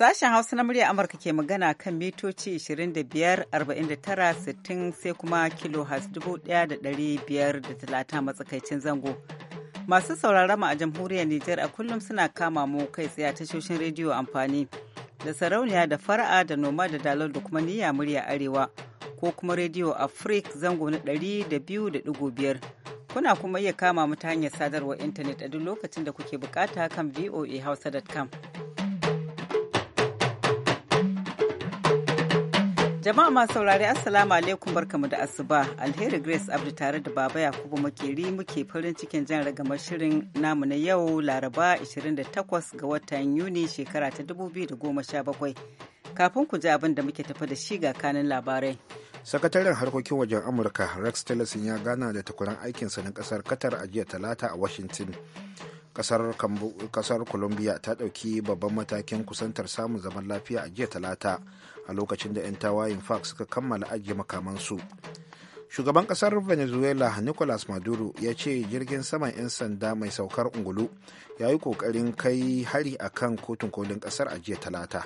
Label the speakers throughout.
Speaker 1: Sashen Hausa na murya Amurka ke magana kan mitoci 25,49,60 sai kuma kilohas 1,530 matsakaicin zango. Masu sauraron a jamhuriyar Nijar a kullum suna kama mu kai tsaye a tashoshin rediyo amfani da sarauniya da fara'a da noma da dalar da kuma niyya murya arewa ko kuma rediyo Afrik zango na 200.5 kuna kuma iya kama mu ta hanyar sadarwar intanet a duk lokacin da kuke bukata kan voahausa.com. Jama'a masu saurari Assalamu alaikum barkamu da asuba. Alheri Grace Abdu tare da Baba Yakubu Makeri muke farin cikin jan ragamar shirin namu na yau Laraba 28 ga watan Yuni shekara ta 2017. Kafin ku ji abin da muke tafa da shi ga kanin labarai.
Speaker 2: Sakataren harkokin wajen Amurka Rex Tillerson ya gana da takwaran aikinsa na kasar Qatar a jiya talata a Washington. kasar colombia ta ɗauki babban matakin kusantar samun zaman lafiya a jiya talata a lokacin da 'yan tawayin fax suka kammala ajiye makamansu shugaban kasar venezuela nicolas maduro ya ce jirgin saman 'yan sanda mai saukar ungulu ya yi kokarin kai hari a kan kotun kolin kasar a jiya talata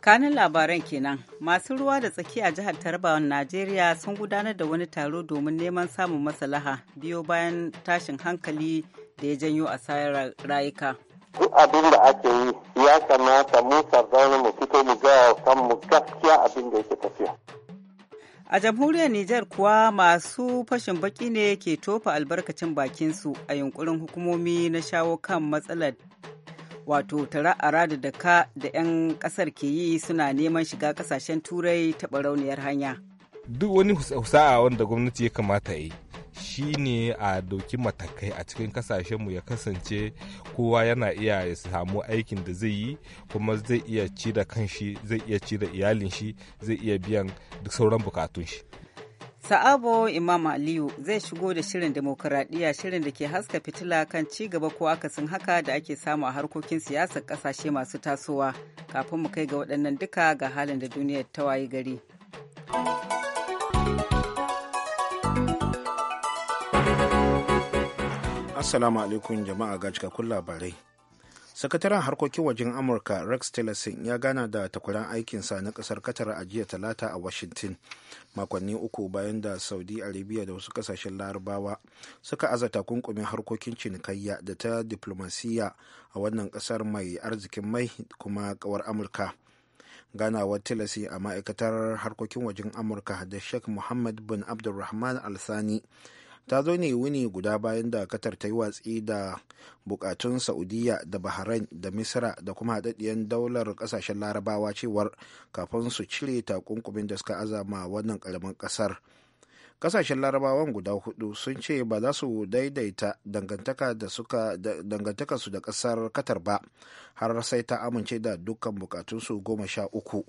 Speaker 1: kanin labaran kenan masu ruwa da tsaki a jihar tarbawan najeriya sun gudanar da wani taro domin neman samun maslaha biyo bayan tashin hankali da ya janyo asarar rayuka. Duk abin
Speaker 3: da ake yi ya kamata mu sardauna mu fito mu gaya kanmu gaskiya abin da yake tafiya.
Speaker 1: A jamhuriyar Nijar kuwa masu fashin baki ne ke tofa albarkacin bakinsu a yunkurin hukumomi na shawo kan matsalar wato tara da daka da 'yan kasar ke yi suna neman shiga kasashen turai ta barauniyar hanya.
Speaker 4: Duk wani husa'a wanda gwamnati ya kamata yi shi ne a dauki matakai a cikin kasashenmu ya kasance kowa yana iya ya samu aikin da zai yi kuma zai iya ci da kanshi zai iya ci da iyalin shi zai iya biyan duk sauran bukatun shi
Speaker 1: Sa'abo Imam Aliyu zai shigo da shirin demokuraɗiyya shirin da ke haska fitila kan ci gaba ko akasin haka da ake samu a harkokin siyasar ƙasashe masu tasowa kafin mu kai ga waɗannan duka ga halin da duniyar ta wayi gari.
Speaker 2: assalamu alaikum jama'a ga cikakkun labarai sakataren harkokin wajen amurka rex tillerson ya gana da takwaran aikinsa na kasar qatar a jiya talata a washington makonni uku bayan da saudi arabia da wasu kasashen larabawa suka azata takunkumin harkokin cinikayya da ta diplomasiya a wannan kasar mai arzikin mai kuma kawar amurka ganawar tilasi a ma'aikatar harkokin wajen amurka da sheikh muhammad bin abdulrahman al-thani ta zo ne wuni guda bayan da katar ta yi watsi da bukatun saudiya da bahrain da misra da kuma haɗaɗɗiyar daular ƙasashen larabawa cewar kafin su cire takunkumin da suka azama wannan ƙaramin ƙasar ƙasashen larabawan guda hudu sun ce ba za su daidaita dangantaka su da ƙasar katar ba har sai ta amince da dukkan bukatunsu goma sha uku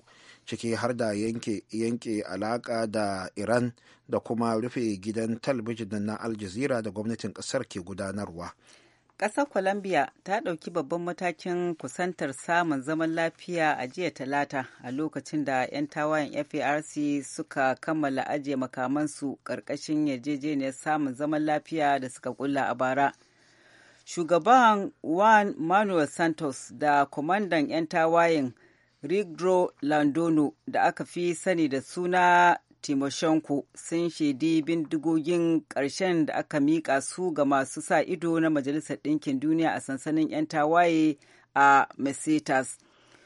Speaker 2: ciki har da yanke alaka da iran da kuma rufe gidan talabijin na al da gwamnatin kasar ke gudanarwa
Speaker 1: ƙasar colombia ta ɗauki babban matakin kusantar samun zaman lafiya a jiya talata a lokacin da 'yan tawayen farc suka kammala ajiye makamansu ƙarƙashin yarjejeniyar samun zaman lafiya da suka kulla a bara shugaban juan manuel santos da kwamandan 'yan tawayen rigro landono da aka fi sani da suna timoshenko sun shaidi bindigogin ƙarshen da aka miƙa su ga masu sa ido na majalisar ɗinkin duniya a sansanin 'yan tawaye a mesetas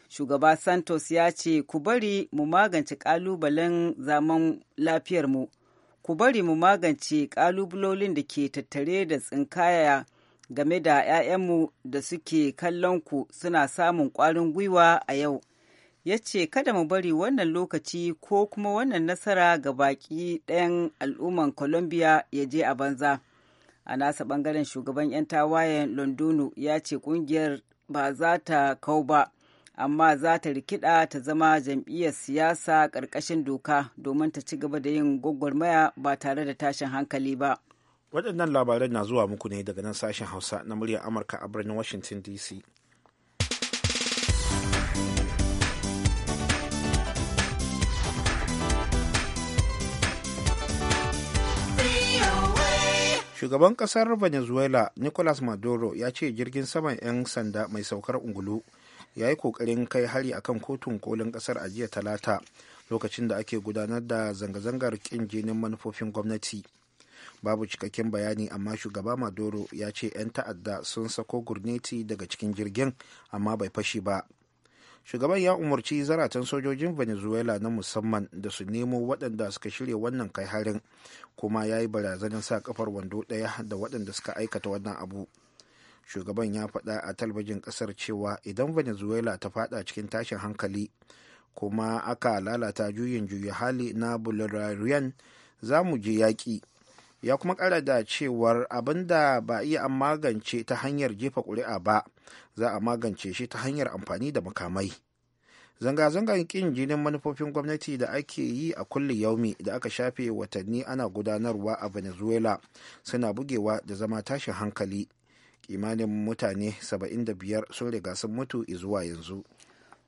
Speaker 1: shugaba santos ya ce ku bari mu magance ƙalubalen zaman lafiyarmu ku bari mu magance ƙalubalolin da ke tattare da tsinkaya game da 'ya'yanmu da suke kallon ku suna samun ƙwarin gwiwa a yau ya ce kada mu bari wannan lokaci ko kuma wannan nasara ga baki ɗayan al'umman colombia ya je a banza a nasa bangaren shugaban 'yan tawayen londonu ya ce kungiyar ba za ta kau ba amma za ta rikida ta zama jam'iyyar siyasa ƙarƙashin doka domin ta ci gaba da yin gwagwarmaya ba tare da tashin hankali ba
Speaker 2: waɗannan labaran na zuwa muku ne daga nan sashen hausa na muryar amurka a birnin washington dc shugaban kasar venezuela nicolas maduro ya ce jirgin saman 'yan sanda mai saukar ungulu ya yi kokarin kai hari akan kotun kolin kasar a jiya talata lokacin da ake gudanar da zanga-zangar kin jinin manufofin gwamnati babu cikakken bayani amma shugaba maduro ya ce 'yan ta'adda sun sako gurneti daga cikin jirgin amma bai fashi ba shugaban ya umarci zaratan sojojin venezuela na musamman da su nemo waɗanda suka shirya wannan kai harin kuma ya yi barazanin sa kafar wando ɗaya da waɗanda suka aikata wannan abu shugaban ya faɗa a talbijin ƙasar cewa idan venezuela ta faɗa cikin tashin hankali kuma aka lalata juyin juya hali na bolivarian za mu je yaƙi ya kuma kara da cewar abin da ba iya an magance ta hanyar jefa ƙuri'a ba za a magance shi ta hanyar amfani da makamai zanga-zangar ƙin jinin manufofin gwamnati da ake yi a kulle yaumi da aka shafe watanni ana gudanarwa a venezuela suna bugewa da zama tashin hankali kimanin mutane 75 sun riga sun mutu zuwa yanzu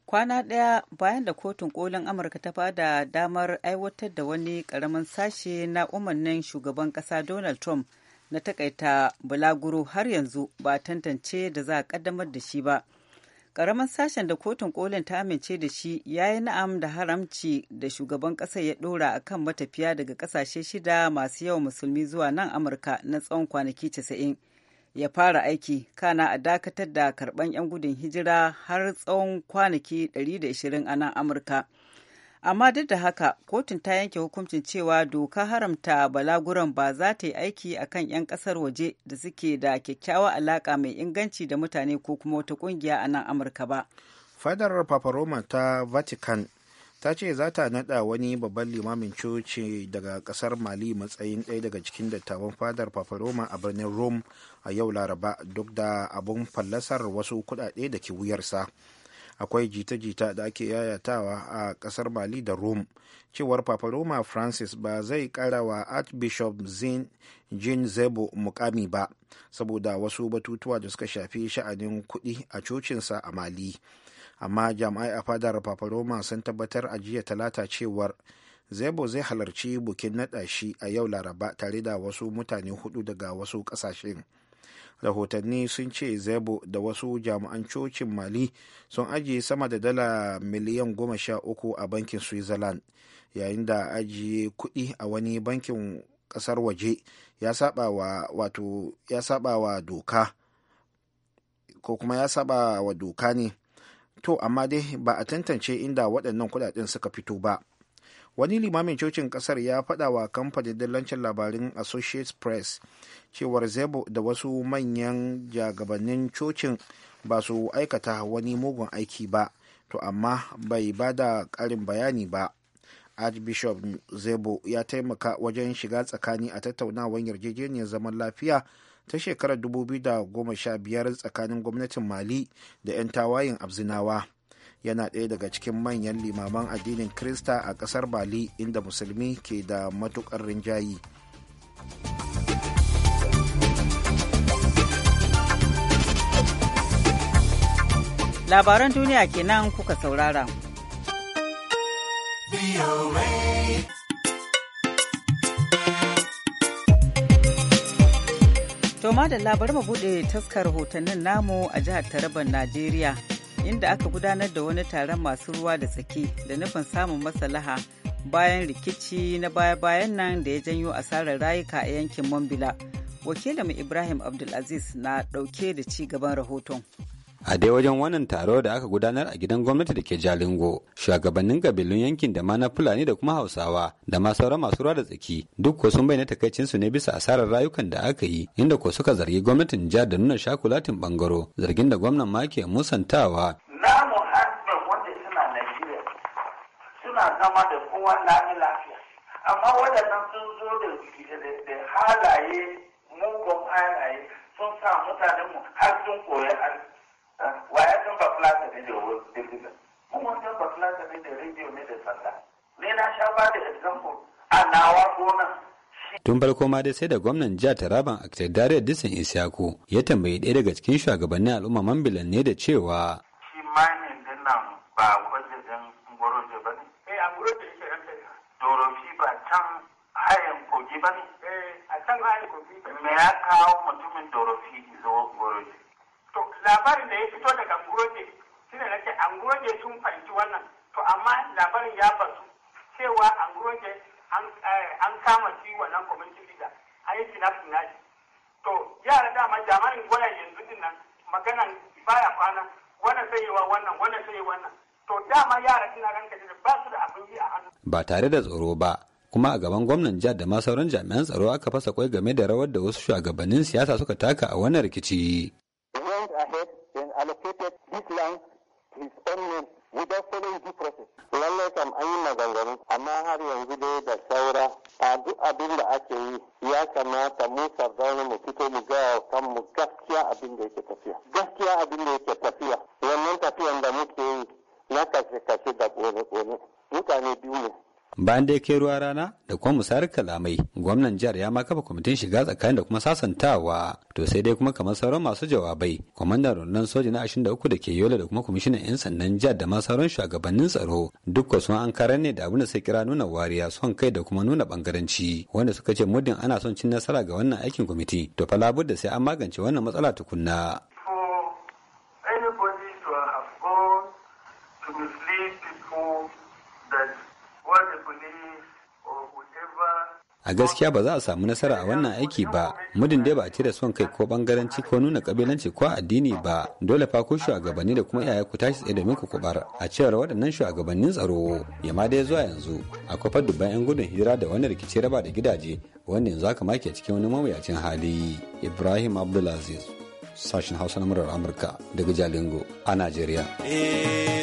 Speaker 1: kwana ɗaya bayan da kotun kolin amurka ta bada damar aiwatar da wani ƙaramin sashe na umarnin shugaban ƙasa donald trump na takaita bulaguro har yanzu ba tantance da za a ƙaddamar da shi ba ƙaramin sashen da kotun kolin ta amince da shi ya yi na'am da haramci da shugaban ƙasar ya ɗora a kan matafiya daga ƙasashe shida masu yawan musulmi zuwa nan amurka na tsawon kwanaki casa'in ya fara aiki kana a dakatar da karban 'yan gudun hijira har tsawon kwanaki 120 a nan amurka amma duk da haka kotun ta yanke hukuncin cewa doka haramta balaguran ba za ta yi aiki a kan 'yan kasar waje da suke da kyakkyawa alaka mai inganci da mutane ko kuma wata kungiya a nan amurka ba
Speaker 2: fadar paparoma ta vatican ta ce za ta nada wani babban limamin coci daga kasar mali matsayin ɗaya daga cikin dattawan fadar paparoma a birnin rome a yau laraba duk da abun fallasar wasu kudade da ke wuyarsa akwai jita-jita da ake yayatawa a kasar mali da rome cewar papa roma francis ba zai karawa archbishop zin jin zebo mukami ba saboda wasu batutuwa da suka shafi sha'anin kudi a cocinsa a mali amma jami'ai a fadar papa roma sun tabbatar a jiya talata cewar zebo zai halarci bukin naɗa shi a yau laraba tare da wasu mutane hudu daga wasu kasashen. rahotanni sun ce zebo da wasu jami'an cocin mali sun ajiye sama da dala miliyan goma sha uku a bankin switzerland yayin da ajiye kuɗi a wani bankin ƙasar waje ya saba wa doka ko kuma ya saba wa doka ne to amma dai ba a tantance inda waɗannan kuɗaɗen suka fito ba wani limamin cocin kasar ya faɗa wa kamfanin dillancin labarin associates press cewar zebo da wasu manyan jagabannin cocin ba su aikata wani mugun aiki ba to amma bai ba da ƙarin bayani ba archbishop zebo ya taimaka wajen shiga tsakani a tattaunawar yarjejeniyar zaman lafiya ta shekarar 2015 tsakanin gwamnatin mali da 'yan tawayin abzinawa yana ɗaya daga cikin manyan limaman addinin krista a ƙasar bali inda musulmi ke da matuƙar rinjayi
Speaker 1: labaran duniya kenan kuka saurara To da labar mabuɗe bude taskar hotonnin namu a jihar Taraban Najeriya inda aka gudanar da wani taron masu ruwa da tsaki da nufin samun masalaha bayan rikici na baya-bayan nan da ya janyo asarar rayuka a yankin Mambila. Wakilinmu Ibrahim Abdulaziz na ɗauke da ci gaban rahoton.
Speaker 5: a dai wajen wannan taro da aka gudanar a gidan gwamnati da ke jalingo shugabannin kabilun yankin da ma na fulani da kuma hausawa da ma sauran masu ruwa da tsaki duk ko sun bayyana takaicin su ne bisa asarar rayukan da aka yi inda ko suka zargi gwamnatin jihar da nuna shakulatin bangaro zargin da gwamnan ma ke musantawa namu harbin wanda zama da kowa lami lafiya amma waɗannan sun zo da halaye mugun halaye sun sa mutanenmu har sun koyi ba fulata da da rediyo ne da sanda ne na sha ba da example a nawa tun farko ma dai sai da gwamnan jihar taraban a dariyar disan isiyaku ya tambayi ɗaya daga cikin shugabannin al'umma mambilan ne da cewa shi mining din nan ba kwallon ngoroje ba ne eh a
Speaker 6: ba can hayan kogi ba ne eh, me ya kawo mutumin dorofi
Speaker 3: zuwa ngoroje
Speaker 6: labarin da ya fito daga anguroje shi ne nake anguroje sun fahimci wannan to amma labarin ya basu cewa
Speaker 7: anguroje eh, an kama shi wannan community leader an yi sinafin nashi to yara dama jamanin gwaya yanzu din nan maganan baya kwana wannan sai wa wannan wannan sai wannan to dama yara suna ranka da ba su da abin yi a hannu
Speaker 6: ba
Speaker 5: tare da tsoro ba kuma a gaban gwamnan jihar da ma sauran jami'an tsaro aka fasa kwai game da rawar da wasu shugabannin siyasa suka taka a wannan rikici bayan da ya kai ruwa rana da kuma musayar kalamai gwamnan jihar ya ma kafa kwamitin shiga tsakanin da kuma sasantawa to sai dai kuma kamar sauran masu jawabai kwamandan rundunar soja na 23 da uku da ke yola da kuma kwamishinan 'yan sandan jihar da ma sauran shugabannin tsaro duk sun an karar ne da abin da sai kira nuna wariya son kai da kuma nuna bangaranci wanda suka ce muddin ana son cin nasara ga wannan aikin kwamiti to fa da sai an magance wannan matsala tukunna a gaskiya ba za a samu nasara a wannan aiki ba mudin dai ba a cire son kai ko bangaranci ko nuna kabilanci ko addini ba dole fa ku shugabanni da kuma iyaye ku tashi tsaye domin ku kubar a cewar waɗannan shugabannin tsaro yamma dai zuwa yanzu akwai fa dubban yan gudun hira da wani rikici raba da gidaje wanda yanzu maki make cikin wani mawuyacin hali ibrahim abdulaziz sashen hausa na murar amurka daga jalingo a najeriya
Speaker 8: eh.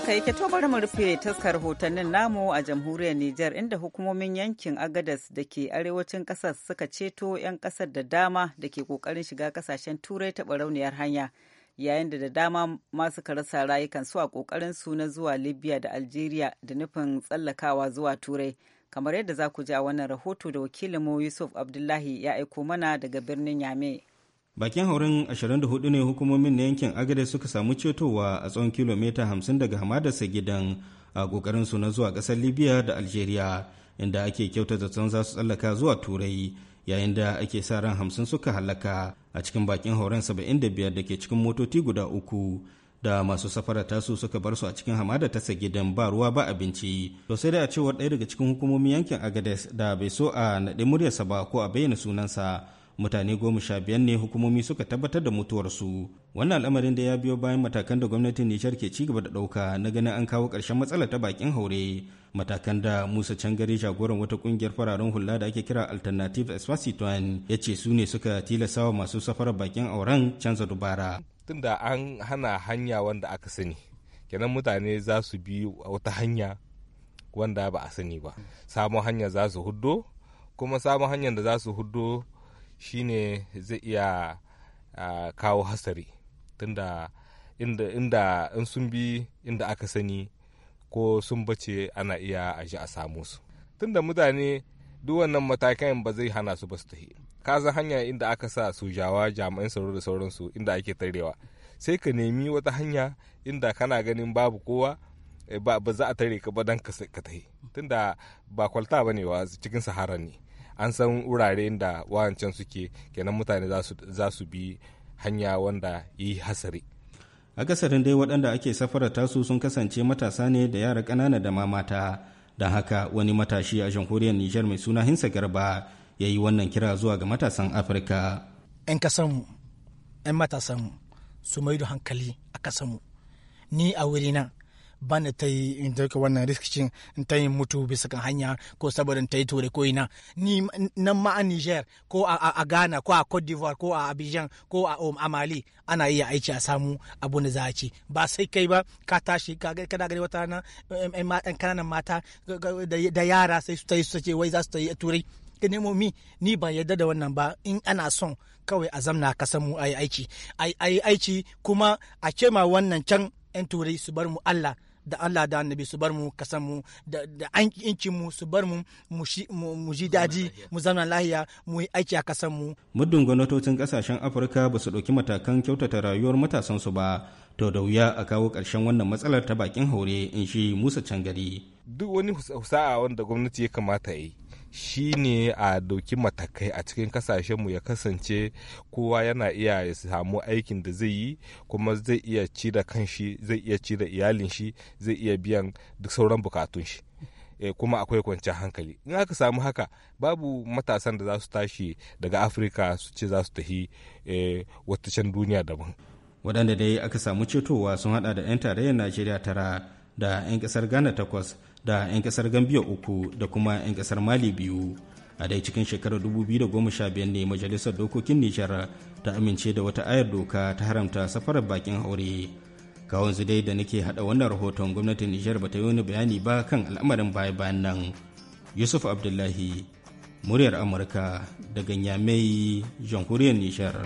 Speaker 1: Haka yake to bari mu rufe taskar hotannin namu a jamhuriyar Nijar inda hukumomin yankin Agadas da ke arewacin ƙasar suka ceto 'yan ƙasar da dama da ke kokarin shiga ƙasashen turai ta barauniyar hanya yayin da da dama masu karasa rayukan su a ƙoƙarin su na zuwa Libya da Algeria da nufin tsallakawa zuwa turai kamar yadda za ku ji a wannan rahoto da wakilin wakilinmu Yusuf Abdullahi ya aiko mana daga birnin Yame.
Speaker 6: bakin hauren 24 ne hukumomin na yankin agade suka samu cetowa a tsawon kilomita 50 daga hamadarsa gidan a kokarin su na zuwa kasar libya da algeria inda ake kyautata zaton za su tsallaka zuwa turai yayin da ake sa ran 50 suka halaka a cikin bakin hauren 75 da ke cikin motoci guda uku da masu safara tasu suka bar su a cikin hamada ta gidan ba ruwa ba abinci to sai dai a cewar ɗaya daga cikin hukumomin yankin agades da bai so a naɗi muryarsa ba ko a bayyana sunansa mutane goma sha biyar ne hukumomi suka tabbatar da mutuwarsu wannan al'amarin da ya biyo bayan matakan da gwamnatin nishar ke cigaba da ɗauka na ganin an kawo ƙarshen matsalar ta bakin haure matakan da musa cangare jagoran wata kungiyar fararen hula da ake kira alternative espaciton ya ce su ne suka tilasawa masu safarar bakin auren canza dubara
Speaker 4: tunda an hana hanya wanda aka sani kenan mutane za su bi wata hanya wanda ba a sani ba samun hanya za su huddo kuma samun hanyar da za su huddo shine zai iya kawo hasari tunda inda inda in sun bi inda aka sani ko sun bace ana iya a ji a samu su tunda mutane duk wannan matakan ba zai hana su ba su tafi ka zan hanya inda aka sa su jawa jami'an sauro da sauransu inda ake tarewa sai ka nemi wata hanya inda kana ganin babu kowa eh, ba za a tare ka ba don ka tafi tunda ba kwalta ba ne wa cikin sahara ne an san wurare da wancan suke kenan mutane za su bi hanya wanda yi hasari
Speaker 6: akasarin dai waɗanda ake safarar tasu sun kasance matasa ne da yara ƙanana da ma mata don haka wani matashi a jamhuriyar nijar mai suna hinsa garba ya yi wannan kira zuwa ga matasan afirka 'yan kasanmu 'yan matasanmu su maido hankali a kasanmu ni a wurina ba na ta yi in ta wannan riskicin in ta yi mutu bisa kan hanya ko saboda ta yi ture ko ina ni nan ma a Niger ko a Ghana ko a Cote d'Ivoire ko a Abidjan ko a Om um, Amali ana iya aiki a samu abu da za a ci ba sai kai ba ka tashi ka ga kana gari wata rana ɗan kananan mata da yara sai su ta su ce wai za su ta yi turai ka nemo mi ni ba yarda da wannan ba in ana son kawai a zamna ka samu a yi aiki Ayi aiki kuma a ce ma wannan can 'yan turai su bar mu Allah da Allah da annabi su bar mu kasan mu da an inci mu su bar mu mu ji daji mu zauna lahiya mu yi aiki a kasan mu muddin gwamnatocin kasashen Afirka ba su dauki matakan kyautata rayuwar matasan su ba to da wuya a kawo ƙarshen wannan matsalar ta bakin haure in shi Musa can gari.
Speaker 4: duk wani husa'a wanda gwamnati ya kamata yi shi ne a dauki matakai a cikin kasashenmu ya kasance kowa yana iya ya samu aikin da zai yi kuma zai iya ci da kanshi zai iya ci da iyalin shi zai iya biyan duk sauran bukatun shi eh, kuma akwai kwanciyar hankali in aka samu haka babu matasan da za su tashi daga afirka su ce za su tafi eh,
Speaker 6: wata duniya daban wadanda dai aka samu cetowa sun hada da 'yan tarayyar najeriya tara da 'yan ƙasar ghana takwas da 'yan kasar gambia uku da kuma 'yan kasar mali biyu a dai cikin shekarar 2015 ne majalisar dokokin nijar ta amince da wata ayar doka ta haramta safarar bakin haure kawon dai da nake hada wannan rahoton gwamnatin nijar ba ta yi wani bayani ba kan al'amarin baya bayan nan yusuf abdullahi muryar amurka da ganyamai jamhuriyar nijar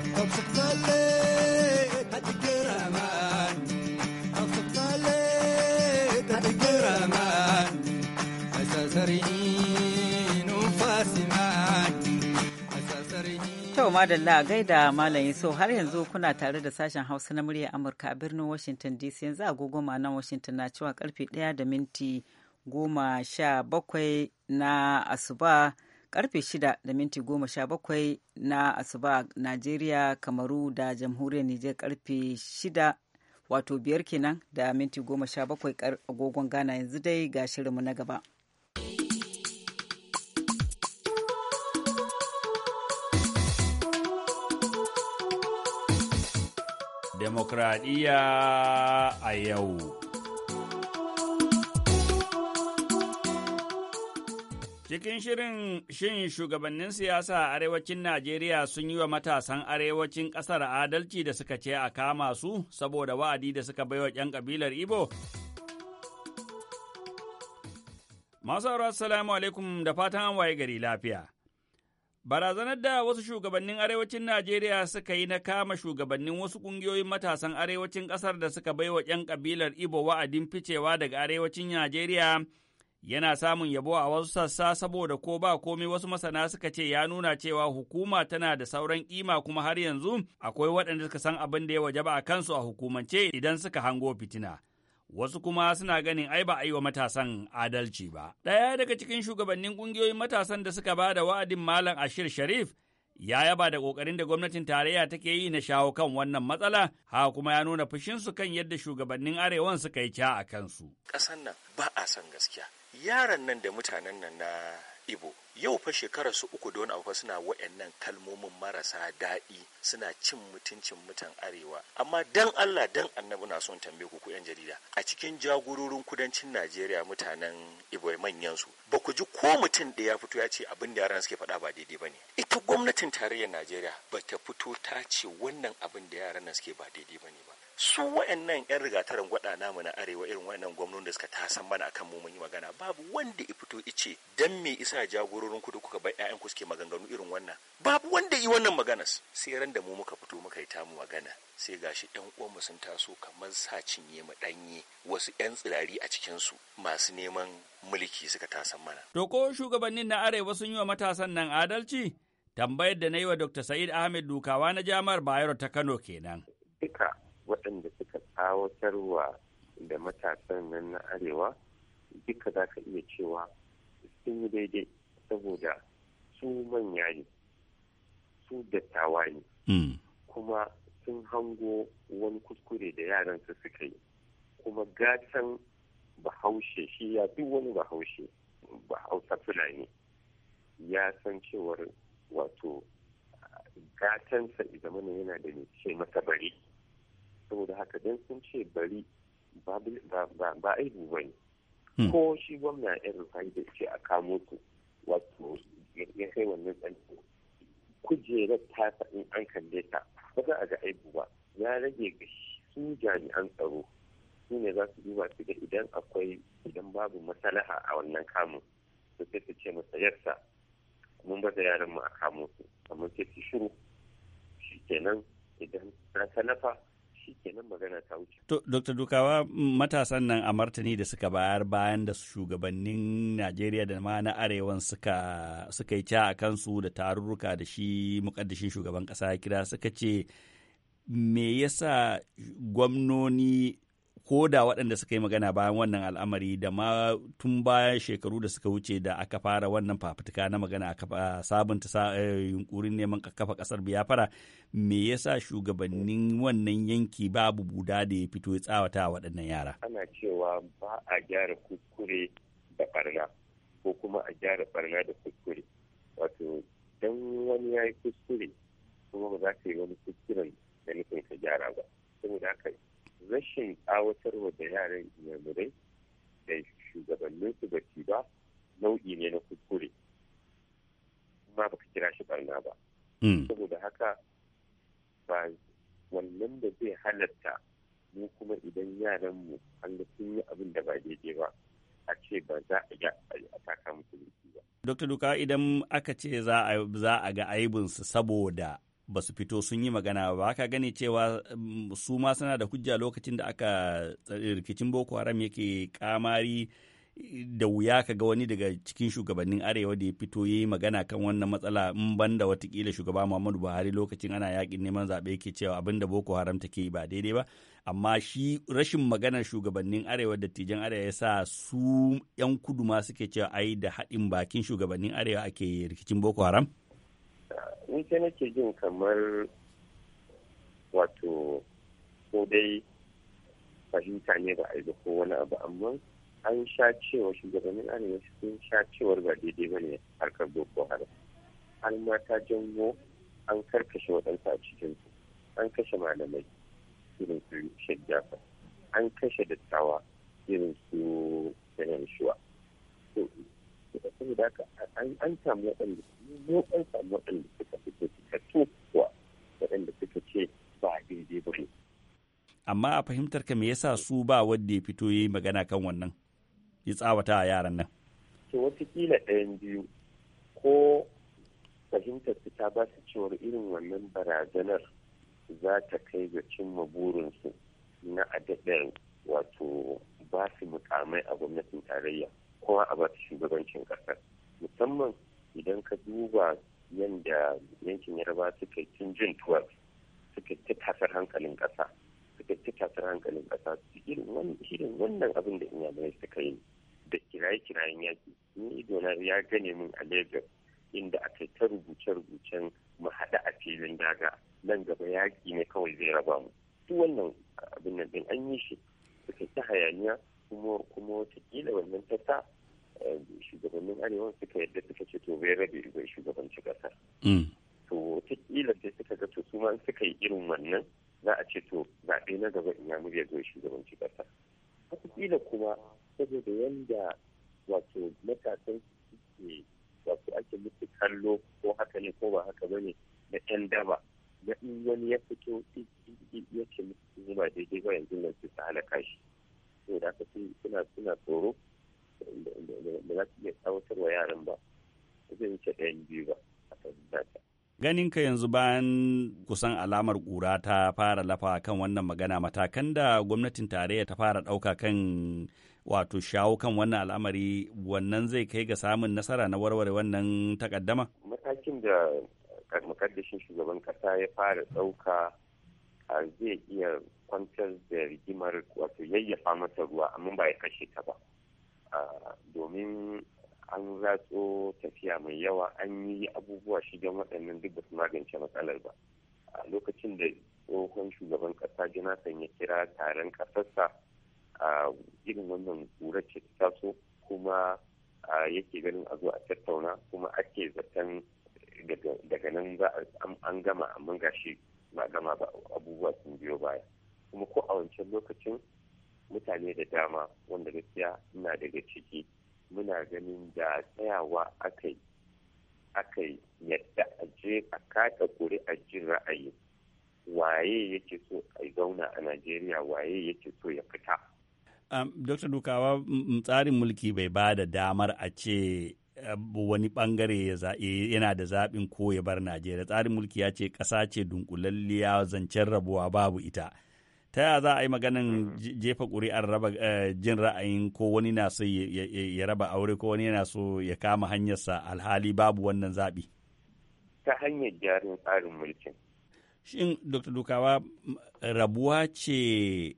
Speaker 1: madalla gaida malam so har yanzu kuna tare da sashen hausa na murya amurka a birnin washington dc yanzu agogo nan washington na cewa karfe 1 da minti 17 na asuba karfe 6 da minti 17 na asuba najeriya kamaru da jamhuriyar nijar karfe 6 wato biyar kenan da minti goma sha bakwai agogon ghana yanzu dai ga shirinmu na gaba
Speaker 7: demokradiyya a yau. Cikin shirin shin shugabannin siyasa a arewacin Najeriya sun yi wa matasan arewacin ƙasar adalci da suka ce a kama su saboda wa'adi da suka baiwa 'yan ƙabilar Ibo. Masu salamu alaikum da fatan an waye gari lafiya. Barazanar da wasu shugabannin arewacin Najeriya suka yi na kama shugabannin wasu ƙungiyoyin matasan arewacin ƙasar da suka baiwa 'yan ƙabilar Ibo wa'adin ficewa daga arewacin Najeriya yana samun yabo a wasu sassa saboda ko ba komai wasu masana suka ce ya nuna cewa hukuma tana da sauran kima kuma har yanzu akwai waɗanda suka san abin da ya wajaba a kansu a hukumance idan suka hango fitina. wasu kuma suna ganin ai ba a yi wa matasan adalci ba. Ɗaya daga cikin shugabannin ƙungiyoyin matasan da suka ba da wa'adin Malam Ashir Sharif ya yaba da ƙoƙarin da gwamnatin tarayya take yi na shawo kan wannan matsala, ha kuma ya nuna fushinsu kan yadda shugabannin arewan suka yi ca a kansu.
Speaker 6: Ƙasan nan ba a son gaskiya. Yaran nan da mutanen nan na ibo yau fa shekarar su uku da wani abu suna wa'annan kalmomin marasa daɗi suna cin mutuncin mutan arewa amma dan allah dan annabi na son tambaye ku yan jarida a cikin jagororin kudancin najeriya mutanen ibo manyan su ba ku ji ko mutum da ya fito ya ce abin da yaran suke faɗa ba daidai ba ne ita gwamnatin tarayyar najeriya ba ta fito ta ce wannan abin da yaran suke ba daidai ba ne ba su wa'annan yan rigataran gwada namu na arewa irin wa'annan gwamnoni da suka tasan mana akan mu yi magana babu wanda ya fito ice dan me isa jagororin kudu kuka bar ƴaƴan ku suke maganganu irin wannan babu wanda yi wannan maganar sai ran da mu muka fito muka yi tamu magana sai gashi yan uwanmu sun taso kamar sa cinye mu danye wasu yan tsirari a cikin su masu neman mulki suka tasan mana
Speaker 7: to ko shugabannin na arewa sun yi wa matasan nan adalci tambayar da na yi wa Dr. Sa'id Ahmed Dukawa na Jami'ar Bayero ta Kano kenan.
Speaker 3: waɗanda suka tsawatarwa da matasan nan na arewa duka za ka iya cewa sun yi daidai saboda su manya ne su dattawa ne hmm. kuma sun hango wani kuskure da yaransa suka yi kuma gatan bahaushe shi ya duk wani bahaushe bahausa fulani ya san cewar wato gatansa idan yana da ce masa bari saboda haka dan sun ce bari ba aibu ba ne hmm. ko shi gwamna yan rufai da ce a kamo su wato ya kai wannan tsanci kujerar ta in an kalle ta ba za a ga aibu ba ya rage ga su jami'an tsaro su ne za su duba su ga idan akwai idan babu masalaha a wannan kamun su sai su ce masa yarsa mun baza yaran mu a kamo su amma sai su shiru shi kenan idan ta nafa shi kenan magana ta wuce.
Speaker 7: To, Dr. Dukawa matasan nan a martani da suka bayar bayan da shugabannin Najeriya da ma na Arewan suka yi ca a kansu da tarurruka da shi mukaddashin shugaban kasa kira suka ce me yasa gwamnoni ko da waɗanda suka yi magana bayan wannan al'amari da ma tun bayan shekaru da suka wuce da aka fara wannan fafutuka na magana a sabunta eh, yunkurin neman kafa kasar biyafara me yasa shugabannin wannan yanki babu buda da ya fito ya tsawata a waɗannan yara ana cewa ba
Speaker 3: a gyara kuskure da barna ko kuma a gyara barna da kuskure wato don wani ya yi kuskure kuma ba za ka yi wani kuskuren da nufin ka gyara ba saboda haka rashin kawatarwa da yaran inyamurai da shugabannin su ba ba nau'i ne na kuskure kuma ka kira shi barna ba hmm. saboda haka ba wannan da zai halatta mu kuma idan yaran mu an ga sun yi abin da ba daidai ba a ce ba za a ga a taka musu
Speaker 7: ba. Dr. Duka idan aka ce za a ga aibinsu saboda ba su fito sun yi magana ba ka gane cewa mm, su ma suna da hujja lokacin da aka eh, rikicin boko haram yake kamari da wuya ka ga wani daga cikin shugabannin arewa da ya fito ya yi magana kan wannan matsala in ban da watakila shugaba muhammadu buhari lokacin ana yakin neman zaɓe ke cewa abin da boko haram take yi ba daidai ba amma shi rashin magana shugabannin arewa dattijan arewa ya sa su yan kudu ma suke cewa ai da haɗin bakin shugabannin arewa ake rikicin boko haram
Speaker 3: in sai nake jin kamar wato ko dai fahimta ne ba a yi ko wani abu amma an sha cewa shugabannin arewa sun sha cewar ba daidai ba ne harkar boko haram an mata jango an karkashe waɗansu a cikin an kashe malamai irin su shaggafa an kashe dattawa irin su yanar shuwa ke da da haka an samu waɗanda mu an samu waɗanda suka fito ce kuwa waɗanda suka ce ba
Speaker 7: daidai ba ne. Amma a fahimtar ka me yasa su ba wanda ya fito ya yi magana kan wannan ya tsawata a yaran nan.
Speaker 3: To watakila ɗayan biyu ko fahimtar su ta ba su cewar irin wannan barazanar za ta kai ga cimma burinsu na adadin wato ba su mukamai a gwamnatin tarayya. kowa a bata shugabancin kasar musamman idan ka duba yadda yankin yarba suka tun jin tuwar suka ci tasar hankalin ƙasa suka ci tasar hankalin ƙasa irin wannan abin da mai suka yi da kiraye-kirayen yaƙi ni idona ya gane min a lagos inda aka ta rubuce-rubucen mu haɗa a filin daga nan gaba yaƙi ne kawai zai raba mu duk wannan abin nan din an yi shi suka ci hayaniya kuma kuma watakila wannan ta eh, shugabannin arewa suka yadda suka ce to bai rabe bai shugabanci kasa mm. to watakila sai suka ga to su ma suka yi irin wannan za a ce to zaɓe na gaba in ya murya zai shugabanci ƙasa. watakila kuma saboda yanda wato matasan suke wato ake musu kallo ko haka ne ko ba haka ba ne da 'yan daba da in wani ya fito ya ce musu ba daidai ba yanzu nan su halaka shi saboda haka suna suna tsoro da za su iya yaran ba zai wuce ɗayan biyu ba a tabbata
Speaker 7: ganin ka yanzu bayan kusan alamar ƙura ta fara lafa kan wannan magana matakan da gwamnatin tarayya ta fara ɗauka kan wato shawo kan wannan al'amari wannan zai kai ga samun nasara na warware wannan takaddama
Speaker 3: matakin da makaddashin shugaban kasa ya fara ɗauka zai iya kwantar da rigimar wato yayyafa mata ruwa amma ba ya kashe ta ba domin an ratso tafiya mai yawa an yi abubuwa shi don waɗannan duk ba su magance matsalar ba a lokacin da tsohon shugaban ƙasa jonathan ya kira taron ƙasarsa a irin wannan ƙurar ce ta taso kuma yake ganin a zo a tattauna kuma ake zaton daga nan za an gama amma gashi ba gama ba abubuwa sun biyo baya kuma ko a wancan lokacin mutane da dama wanda gaskiya ina daga ciki muna ganin da tsayawa aka yi yadda a je a kata kuri a jin ra'ayi waye yake so a zauna a najeriya waye yake so ya fita
Speaker 7: dr dukawa tsarin mulki bai ba da damar a ce wani bangare eh, yana da zaɓin ko ya bar Najeriya. Tsarin mulki ya ce ƙasa ce dunkulalliya zancen rabuwa babu ita. Ta yaya za a yi maganin mm-hmm. jefa ƙuri'ar raba eh, jin ra'ayin ko wani na so ya raba aure ko wani yana so ya kama hanyarsa alhali babu wannan zaɓi?
Speaker 3: Ta hanyar jarin tsarin mulkin.
Speaker 7: Shin Dr. Dukawa rabuwa ce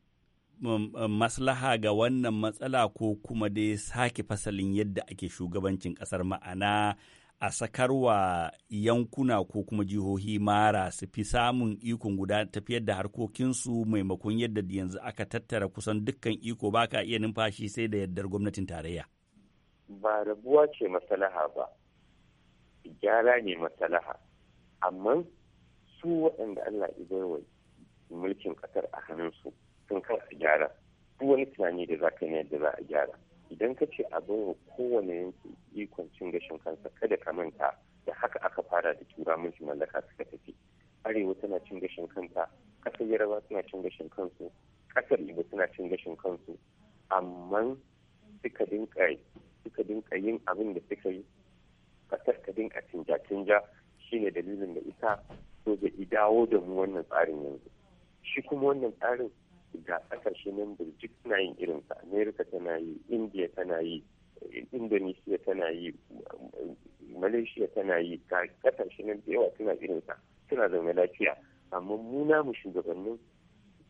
Speaker 7: Um, um, maslaha ga wannan matsala ko kuma dai sake fasalin yadda ake shugabancin kasar ma'ana a sakarwa yankuna ko kuma jihohi mara su fi samun ikon guda tafiyar da harkokinsu maimakon yadda yanzu aka tattara kusan dukkan iko ba ka iya numfashi sai da yardar gwamnatin tarayya.
Speaker 3: Ba rabuwa ce masalaha ba, gyara ne masalaha, amma su waɗanda Allah ibarwa mulkin ƙasar a hannunsu. sun kan a gyara duk wani tunani da za ka yi yadda za a gyara idan ka ce abin wa kowane yanki ikon cin gashin kansa kada ka manta da haka aka fara da tura mulki mallaka suka tafi arewa tana cin gashin kanta ƙasar yarawa tana cin gashin kansu ƙasar ibo tana cin gashin kansu amma suka dinka suka dinka yin abin da suka yi ƙasar ta dinka canja canja shine dalilin da ita so da dawo da mu wannan tsarin yanzu shi kuma wannan tsarin ga kasashe nan birjik suna yin irinsa amerika tana yi india tana yi indonesia tana yi malaysia tana yi ga kasashe nan da yawa suna irinsa suna zaune lafiya amma mu shugabannin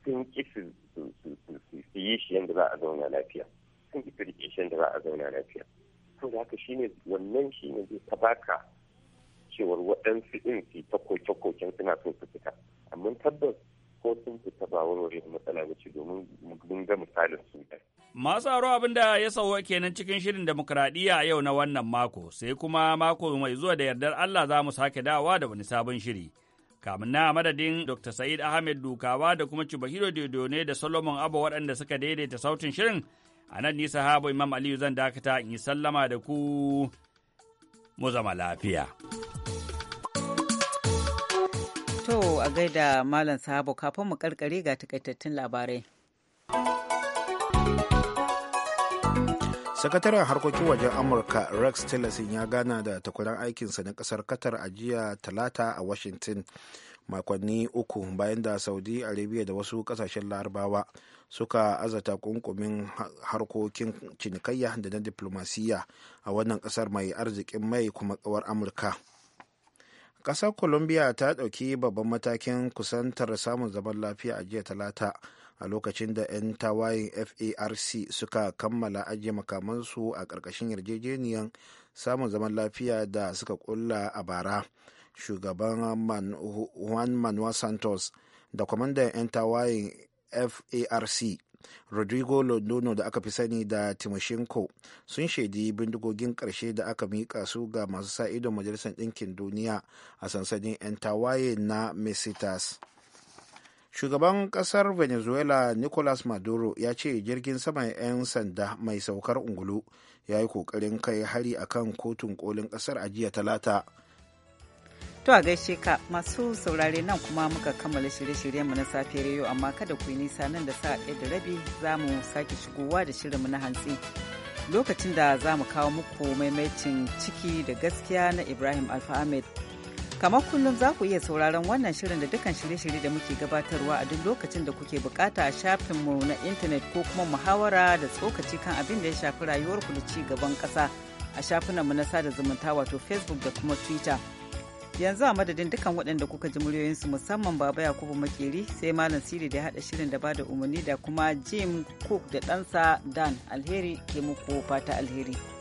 Speaker 3: sun ki su yi shi yadda za a zauna lafiya sun ki su rike shi yadda za a zauna lafiya to da haka shine wannan shine zai ta baka cewar waɗansu ɗin su ta koke-koken suna so su fita amma tabbas ko sun fita ba matsala ba ce domin mun ga misalin
Speaker 7: Masu aro abin da ya sauwa kenan cikin shirin demokuraɗiyya a yau na wannan mako sai kuma mako mai zuwa da yardar Allah za mu sake dawa da wani sabon shiri. Kamin na madadin Dr. Sa'id Ahmed Dukawa da kuma Cibahiro Dodone da Solomon Abba waɗanda suka daidaita sautin shirin a nan nisa habu Imam Aliyu zan dakata in yi sallama da ku mu zama lafiya.
Speaker 1: To a gaida Malam Sahabo kafin mu karkare ga takaitattun labarai.
Speaker 2: sakataren harkokin wajen amurka rex tillerson ya gana da takwaran aikinsa na kasar qatar a jiya talata a washington makonni uku bayan da saudi arabia da wasu kasashen larabawa suka azata kunkumin harkokin cinikayya da na diplomasiya a wannan kasar mai arzikin mai kuma kawar amurka ƙasar colombia ta ɗauki babban matakin kusantar samun zaman lafiya a jiya talata a lokacin da 'yan tawayin farc suka kammala ajiye makamansu a ƙarƙashin yarjejeniyar samun zaman lafiya da suka kulla a bara shugaban juan manuel santos da kwamandan 'yan tawayin farc rodrigo londono da aka fi sani da timoshenko sun shaidi bindigogin ƙarshe da aka miƙa su ga masu sa ido majalisar ɗinkin duniya a sansanin 'yan tawaye na mesitas shugaban ƙasar venezuela nicolas maduro ya ce jirgin saman 'yan sanda mai saukar ungulu ya yi ƙoƙarin kai hari akan kotun kolin ƙasar a jiya talata
Speaker 1: To a gaishe ka masu saurare nan kuma muka kammala shirye-shiryenmu na safe yau amma kada ku yi nisa nan da sa ɗaya da rabi za mu sake shigowa da shirinmu na hantsi. Lokacin da za mu kawo muku maimaitin ciki da gaskiya na Ibrahim Alfa Ahmed. Kamar kullum za ku iya sauraron wannan shirin da dukkan shirye-shirye da muke gabatarwa a duk lokacin da kuke bukata a shafinmu na intanet ko kuma muhawara da tsokaci kan abin da ya shafi rayuwarku da ci gaban ƙasa a shafinanmu na sada zumunta wato Facebook da kuma Twitter. yanzu a madadin dukkan waɗanda kuka ji muryoyinsu musamman baba yakubu makeri sai malam siri da haɗa shirin da bada umarni da kuma jim cook da ɗansa dan alheri ke muku fata alheri.